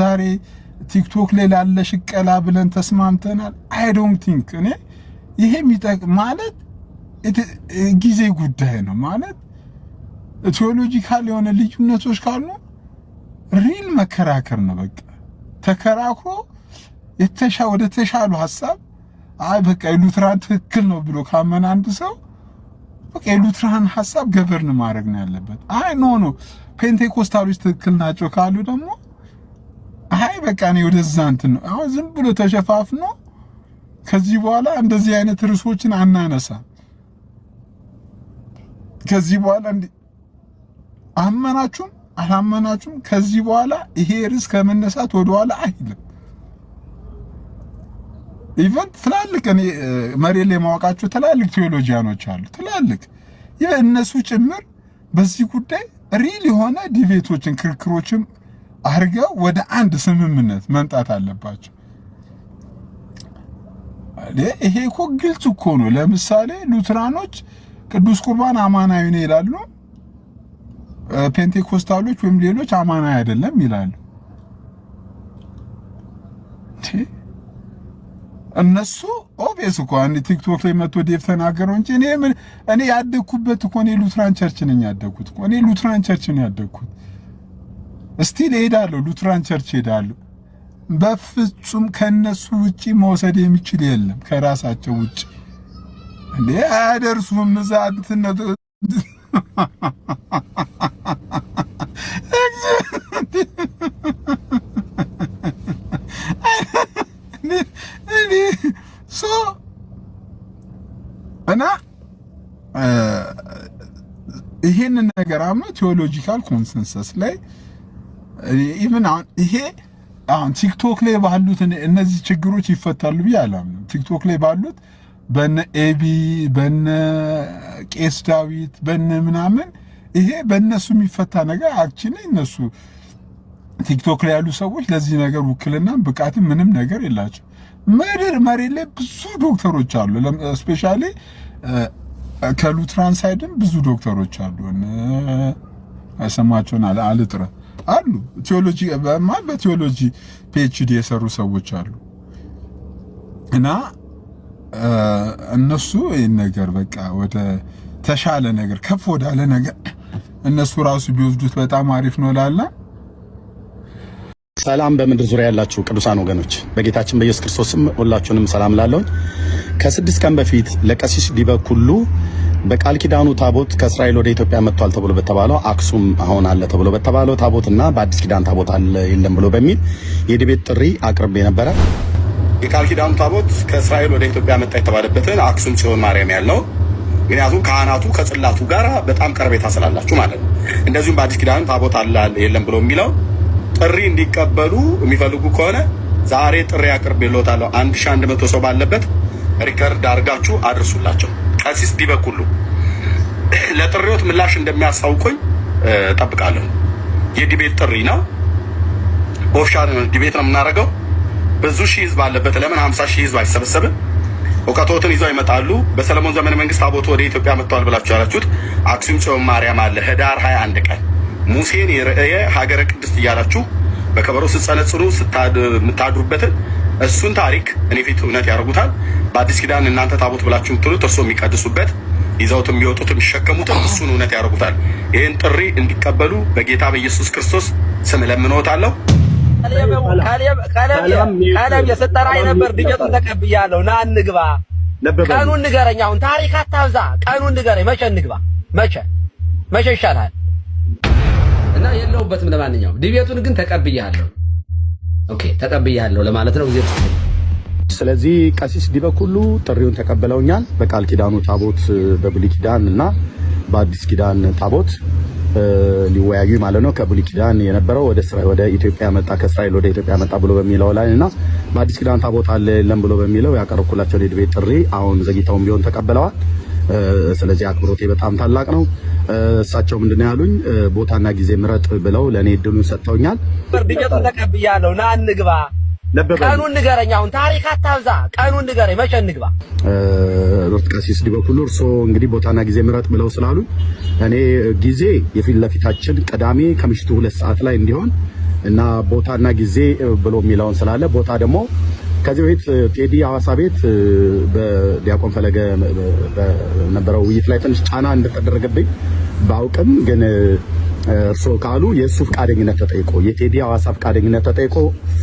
ዛሬ ቲክቶክ ላይ ላለ ሽቀላ ብለን ተስማምተናል። አይ ዶንት ቲንክ እኔ ይሄ የሚጠቅም ማለት ጊዜ ጉዳይ ነው ማለት ቴዎሎጂካል የሆነ ልዩነቶች ካሉ ሪል መከራከር ነው። በቃ ተከራክሮ ወደ ተሻሉ ሀሳብ አይ በቃ የሉትራን ትክክል ነው ብሎ ካመን አንድ ሰው በቃ የሉትራን ሀሳብ ገበርን ማድረግ ነው ያለበት። አይ ኖ ኖ ፔንቴኮስታሎች ትክክል ናቸው ካሉ ደግሞ ፀሐይ በቃ ነው ወደዛ እንትን ነው አሁን ዝም ብሎ ተሸፋፍኖ ከዚህ በኋላ እንደዚህ አይነት ርዕሶችን አናነሳ። ከዚህ በኋላ አመናችሁም አላመናችሁም ከዚህ በኋላ ይሄ ርዕስ ከመነሳት ወደኋላ አይልም። ኢቨን ትላልቅ እኔ መሬት ላይ ማወቃቸው ትላልቅ ቴዎሎጂያኖች አሉ። ትላልቅ የእነሱ ጭምር በዚህ ጉዳይ ሪል የሆነ ዲቤቶችን ክርክሮችን አድርገው ወደ አንድ ስምምነት መምጣት አለባቸው። ይሄ እኮ ግልጽ እኮ ነው። ለምሳሌ ሉትራኖች ቅዱስ ቁርባን አማናዊ ነው ይላሉ። ፔንቴኮስታሎች ወይም ሌሎች አማናዊ አይደለም ይላሉ። እነሱ ኦቤስ እኮ አንድ ቲክቶክ ላይ መጥቶ ዴቭ ተናገረው እንጂ እኔ እኔ ያደግኩበት እኮ እኔ ሉትራን ቸርች ነኝ ያደግኩት እኮ እኔ ሉትራን ቸርች ነው ያደግኩት ስቲል እሄዳለሁ፣ ሉትራን ቸርች እሄዳለሁ። በፍጹም ከነሱ ውጪ መውሰድ የሚችል የለም። ከራሳቸው ውጪ እንዴ አያደርሱም። ዛንትነት እና ይህንን ነገር አምኖ ቴዎሎጂካል ኮንሰንሰስ ላይ ግን አሁን ይሄ አሁን ቲክቶክ ላይ ባሉት እነዚህ ችግሮች ይፈታሉ ብዬ አላምንም። ቲክቶክ ላይ ባሉት በነ ኤቢ በነ ቄስ ዳዊት በነ ምናምን ይሄ በእነሱ የሚፈታ ነገር አክችን እነሱ ቲክቶክ ላይ ያሉ ሰዎች ለዚህ ነገር ውክልና ብቃትም ምንም ነገር የላቸው። ምድር መሬት ላይ ብዙ ዶክተሮች አሉ። ስፔሻሊ ከሉትራን ሳይድም ብዙ ዶክተሮች አሉ። ስማቸውን አልጥረት አሉ። ቴዎሎጂ በቴዎሎጂ ፒኤችዲ የሰሩ ሰዎች አሉ እና እነሱ ይህን ነገር በቃ ወደ ተሻለ ነገር ከፍ ወዳለ ነገር እነሱ ራሱ ቢወስዱት በጣም አሪፍ ነው ላለ ሰላም በምድር ዙሪያ ያላችሁ ቅዱሳን ወገኖች በጌታችን በኢየሱስ ክርስቶስም ሁላችሁንም ሰላም ላለሁኝ። ከስድስት ቀን በፊት ለቀሲስ ዲበኩሉ በቃል ኪዳኑ ታቦት ከእስራኤል ወደ ኢትዮጵያ መጥቷል ተብሎ በተባለው አክሱም አሁን አለ ተብሎ በተባለው ታቦትና በአዲስ ኪዳን ታቦት አለ የለም ብሎ በሚል የዲቤት ጥሪ አቅርቤ ነበረ። የቃል ኪዳኑ ታቦት ከእስራኤል ወደ ኢትዮጵያ መጣ የተባለበትን አክሱም ጽዮን ማርያም ያልነው ምክንያቱም ካህናቱ ከጽላቱ ጋር በጣም ቀረቤታ ስላላችሁ ማለት ነው። እንደዚሁም በአዲስ ኪዳን ታቦት አለ የለም ብሎ የሚለው ጥሪ እንዲቀበሉ የሚፈልጉ ከሆነ ዛሬ ጥሪ አቅርቤልዎታለሁ። አንድ ሺህ አንድ መቶ ሰው ባለበት ሪከርድ አድርጋችሁ አድርሱላቸው። ቀሲስ ዲበኩሉ ለጥሪዎት ምላሽ እንደሚያሳውቁኝ ጠብቃለሁ። የዲቤት ጥሪ ነው። ኦፍሻር ዲቤት ነው የምናደርገው። ብዙ ሺህ ህዝብ አለበት። ለምን ሀምሳ ሺህ ህዝብ አይሰበሰብም? እውቀቶትን ይዘው ይመጣሉ። በሰለሞን ዘመነ መንግስት ታቦቱ ወደ ኢትዮጵያ መጥተዋል ብላችሁ ያላችሁት አክሱም ጽዮን ማርያም አለ ህዳር 21 ቀን ሙሴን የረአየ ሀገረ ቅድስት እያላችሁ በከበሮ ስትጸነጽሩ የምታድሩበትን እሱን ታሪክ እኔ ፊት እውነት ያደርጉታል። በአዲስ ኪዳን እናንተ ታቦት ብላችሁ የምትሉት እርሶ የሚቀድሱበት ይዘውት የሚወጡት የሚሸከሙትን እሱን እውነት ያደርጉታል። ይህን ጥሪ እንዲቀበሉ በጌታ በኢየሱስ ክርስቶስ ስም ለምንወታለሁ። ቀለም የስጠራኝ ነበር ድጀቱን ተቀብያለሁ። ና እንግባ። ቀኑን ንገረኝ። አሁን ታሪክ አታብዛ። ቀኑን ንገረኝ። መቼ እንግባ? መቼ መቼ ይሻላል? እና የለሁበትም። ለማንኛውም ዲቤቱን ግን ተቀብያለሁ። ኦኬ ተቀብያለሁ ለማለት ነው ጊዜ ስለዚህ ቀሲስ ሁሉ ጥሪውን ተቀበለውኛል። በቃል ኪዳኑ ታቦት በብሉይ ኪዳን እና በአዲስ ኪዳን ታቦት ሊወያዩ ማለት ነው። ከብሉይ ኪዳን የነበረው ወደ ወደ ኢትዮጵያ መጣ ከእስራኤል ወደ ኢትዮጵያ መጣ ብሎ በሚለው ላይ እና በአዲስ ኪዳን ታቦት አለ የለም ብሎ በሚለው ያቀረብኩላቸውን የድቤት ጥሪ አሁን ዘግይተውም ቢሆን ተቀብለዋል። ስለዚህ አክብሮቴ በጣም ታላቅ ነው። እሳቸው ምንድነው ያሉኝ፣ ቦታና ጊዜ ምረጥ ብለው ለእኔ እድሉን ሰጥተውኛል። ድጀቱ ተቀብያለሁ፣ ና እንግባ። ቀኑን ንገረኝ፣ አሁን ታሪክ አታብዛ፣ ቀኑን ንገረኝ፣ መቼ እንግባ? ሮት ቀሲስ ዲበኩሉ እርሶ እንግዲህ ቦታና ጊዜ ምረጥ ብለው ስላሉ እኔ ጊዜ የፊት ለፊታችን ቅዳሜ ከምሽቱ ሁለት ሰዓት ላይ እንዲሆን እና ቦታና ጊዜ ብሎ የሚለውን ስላለ ቦታ ደግሞ ከዚህ በፊት ቴዲ አዋሳ ቤት በዲያቆን ፈለገ በነበረው ውይይት ላይ ትንሽ ጫና እንደተደረገብኝ ባውቅም ግን እርስዎ ካሉ የእሱ ፍቃደኝነት ተጠይቆ የቴዲ አዋሳ ፍቃደኝነት ተጠይቆ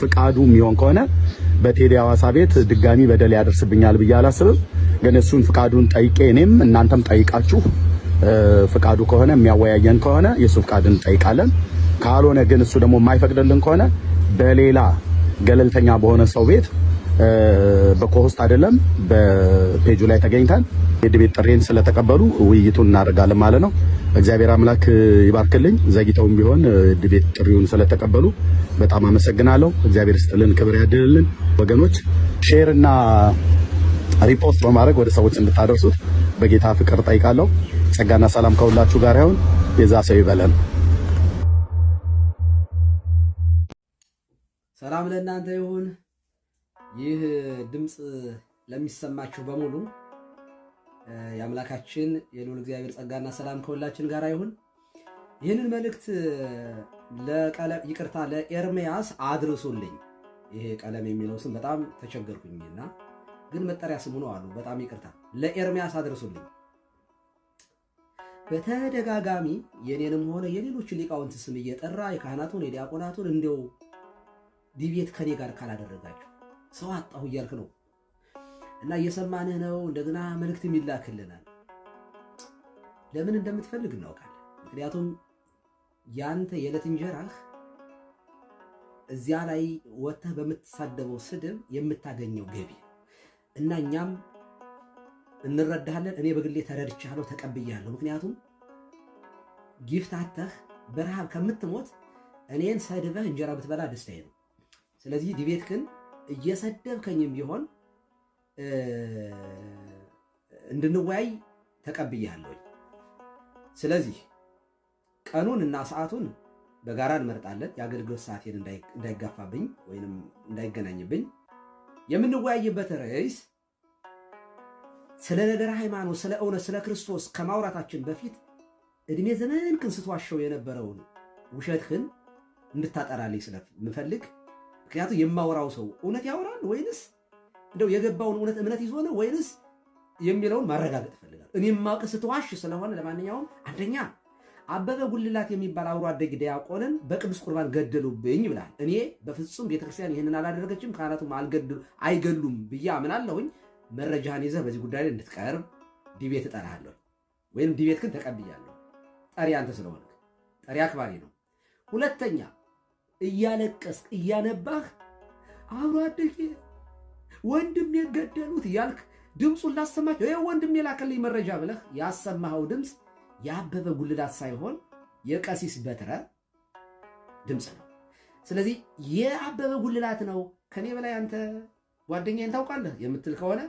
ፍቃዱ የሚሆን ከሆነ በቴዲ አዋሳ ቤት ድጋሚ በደል ያደርስብኛል ብዬ አላስብም። ግን እሱን ፍቃዱን ጠይቄ እኔም እናንተም ጠይቃችሁ ፍቃዱ ከሆነ የሚያወያየን ከሆነ የእሱ ፍቃድ እንጠይቃለን። ካልሆነ ግን እሱ ደግሞ የማይፈቅድልን ከሆነ በሌላ ገለልተኛ በሆነ ሰው ቤት በኮሆስት አይደለም በፔጁ ላይ ተገኝታል። የድቤት ጥሬን ስለተቀበሉ ውይይቱን እናደርጋለን ማለት ነው። እግዚአብሔር አምላክ ይባርክልኝ። ዘግይተውም ቢሆን ድቤት ጥሪውን ስለተቀበሉ በጣም አመሰግናለሁ። እግዚአብሔር ስጥልን፣ ክብር ያድልልን። ወገኖች ሼር እና ሪፖስት በማድረግ ወደ ሰዎች እንድታደርሱት በጌታ ፍቅር ጠይቃለሁ። ጸጋና ሰላም ከሁላችሁ ጋር ይሁን። የዛ ሰው ይበለን። ሰላም ለእናንተ ይሁን። ይህ ድምፅ ለሚሰማችሁ በሙሉ የአምላካችን የልዑል እግዚአብሔር ጸጋና ሰላም ከሁላችን ጋር ይሁን። ይህንን መልእክት ይቅርታ ለኤርምያስ አድርሱልኝ። ይሄ ቀለም የሚለው ስም በጣም ተቸገርኩኝና ግን መጠሪያ ስሙ ነው አሉ። በጣም ይቅርታ ለኤርምያስ አድርሱልኝ። በተደጋጋሚ የኔንም ሆነ የሌሎች ሊቃውንት ስም እየጠራ የካህናቱን የዲያቆናቱን እንዲው ዲቤት ከኔ ጋር ካላደረጋችሁ ሰው አጣሁ እያልክ ነው እና እየሰማንህ ነው። እንደገና መልእክትም ይላክልናል። ለምን እንደምትፈልግ እናውቃለን። ምክንያቱም ያንተ የዕለት እንጀራህ እዚያ ላይ ወጥተህ በምትሳደበው ስድብ የምታገኘው ገቢ እና እኛም እንረዳሃለን። እኔ በግሌ ተረድቻለሁ፣ ተቀብያለሁ። ምክንያቱም ጊፍት አተህ በረሃብ ከምትሞት እኔን ሰድበህ እንጀራ ብትበላ ደስታዬ ነው። ስለዚህ ግን እየሰደብከኝም ቢሆን እንድንወያይ ተቀብያለሁኝ። ስለዚህ ቀኑን እና ሰዓቱን በጋራ እንመርጣለን። የአገልግሎት ሰዓቴን እንዳይጋፋብኝ ወይም እንዳይገናኝብኝ የምንወያይበት ርዕስ ስለ ነገር ሃይማኖት፣ ስለ እውነት፣ ስለ ክርስቶስ ከማውራታችን በፊት እድሜ ዘመንክን ስትዋሸው የነበረውን ውሸትህን እንድታጠራልኝ ስለምፈልግ ምክንያቱም የማወራው ሰው እውነት ያወራል ወይንስ እንደው የገባውን እውነት እምነት ይዞ ነው ወይንስ የሚለውን ማረጋገጥ ይፈልጋል። እኔ ማቅ ስትዋሽ ስለሆነ ለማንኛውም አንደኛ አበበ ጉልላት የሚባል አብሮ አደግ ዲያቆንን በቅዱስ ቁርባን ገደሉብኝ ይብላል። እኔ በፍጹም ቤተክርስቲያን ይህንን አላደረገችም፣ ካህናቱም አይገሉም ብዬ አምናለሁኝ። መረጃህን ይዘህ በዚህ ጉዳይ ላይ እንድትቀርብ ዲቤት እጠራለሁ። ወይም ዲቤት ግን ተቀብያለሁ። ጠሪ አንተ ስለሆነ ጠሪ አክባሪ ነው። ሁለተኛ እያለቀስክ እያነባህ አብሮ አደጌ ወንድም የገደሉት ያልክ ድምፁን ላሰማቸው ይህ ወንድም የላከልኝ መረጃ ብለህ ያሰማኸው ድምፅ የአበበ ጉልላት ሳይሆን የቀሲስ በትረ ድምፅ ነው። ስለዚህ የአበበ ጉልላት ነው ከኔ በላይ አንተ ጓደኛዬን ታውቃለህ የምትል ከሆነ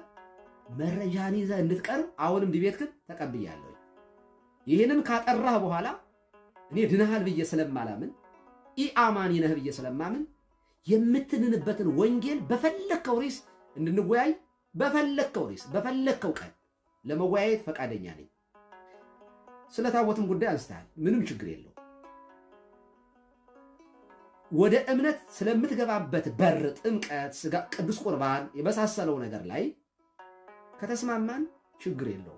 መረጃን ይዘ እንድትቀርብ አሁንም ዲቤት ግን ተቀብያለሁ። ይህንን ካጠራህ በኋላ እኔ ድናሃል ብዬ ስለማላምን ኢአማኒ ነህ ብዬ ስለማምን የምትንንበትን ወንጌል በፈለግከው ርዕስ እንድንወያይ በፈለግከው ርዕስ በፈለግከው ቀን ለመወያየት ፈቃደኛ ነኝ። ስለ ታቦትም ጉዳይ አንስተሃል፣ ምንም ችግር የለው። ወደ እምነት ስለምትገባበት በር፣ ጥምቀት፣ ስጋ፣ ቅዱስ ቁርባን የመሳሰለው ነገር ላይ ከተስማማን ችግር የለው።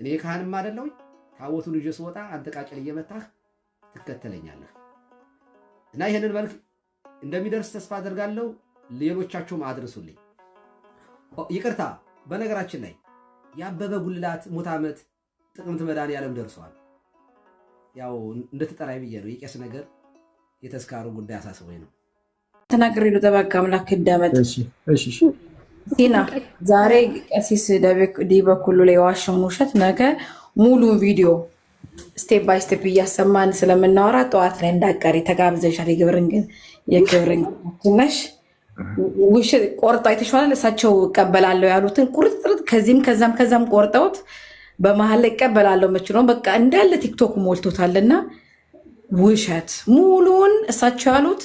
እኔ ካህንም አይደለሁኝ። ታቦቱን ይዤ ስወጣ አንተ ቃጭል እየመታህ ትከተለኛለህ። እና ይሄንን መልክ እንደሚደርስ ተስፋ አደርጋለሁ። ሌሎቻችሁም አድርሱልኝ። ይቅርታ፣ በነገራችን ላይ የአበበ ጉልላት ሙት ዓመት ጥቅምት መድኃኔዓለም ደርሰዋል። ያው እንደተጠራይ ብዬ ነው። የቄስ ነገር የተስካሩ ጉዳይ አሳስቦኝ ነው ተናገር ሄዱ ጠባቅ አምላክ እንዳመጥ ዜና ዛሬ ቀሲስ ዲበኩሉ ላይ የዋሸውን ውሸት ነገ ሙሉ ቪዲዮ ስቴፕ ባይ ስቴፕ እያሰማን ስለምናወራ ጠዋት ላይ እንዳቀሪ ተጋብዘሻል። የግብርን ግን የግብርን ትነሽ ውሽ ቆርጣ የተሸዋል እሳቸው እቀበላለሁ ያሉትን ቁርጥርጥ ከዚህም ከዛም ከዛም ቆርጠውት በመሀል ላይ እቀበላለሁ መች ነው በቃ እንዳለ ቲክቶክ ሞልቶታልና ውሸት ሙሉውን እሳቸው ያሉት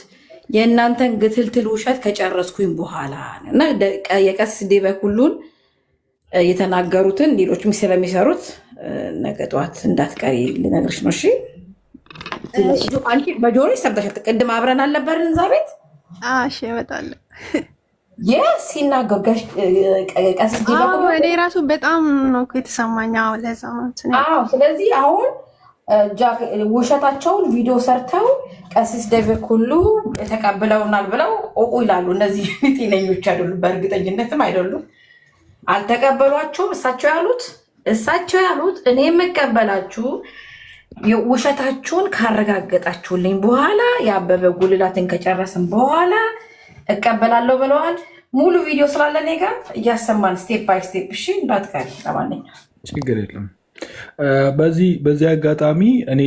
የእናንተን ግትልትል ውሸት ከጨረስኩኝ በኋላ እና የቀስ ዴበክ ሁሉን የተናገሩትን ሌሎች ስለሚሰሩት ነገ ጠዋት እንዳትቀሪ ልነግርሽ ነው። እሺ አንቺ በጆሮሽ ሰምተሻል። ቅድም አብረን አልነበርን እዛ ቤት? እሺ እመጣለሁ ሲናገር እኔ ራሱ በጣም ነው የተሰማኝ። ለዛ ስለዚህ አሁን ውሸታቸውን ቪዲዮ ሰርተው ቀሲስ ደብር ሁሉ ተቀብለውናል ብለው ቁቁ ይላሉ። እነዚህ ጤነኞች አይደሉም፣ በእርግጠኝነትም አይደሉም። አልተቀበሏቸውም እሳቸው ያሉት እሳቸው ያሉት እኔ የምቀበላችሁ ውሸታችሁን ካረጋገጣችሁልኝ በኋላ የአበበ ጉልላትን ከጨረስን በኋላ እቀበላለሁ ብለዋል። ሙሉ ቪዲዮ ስላለ እኔ ጋር እያሰማን ስቴፕ ባይ ስቴፕ። እሺ እንዳትቀሪ። ለማንኛውም ችግር የለም። በዚህ በዚህ አጋጣሚ እኔ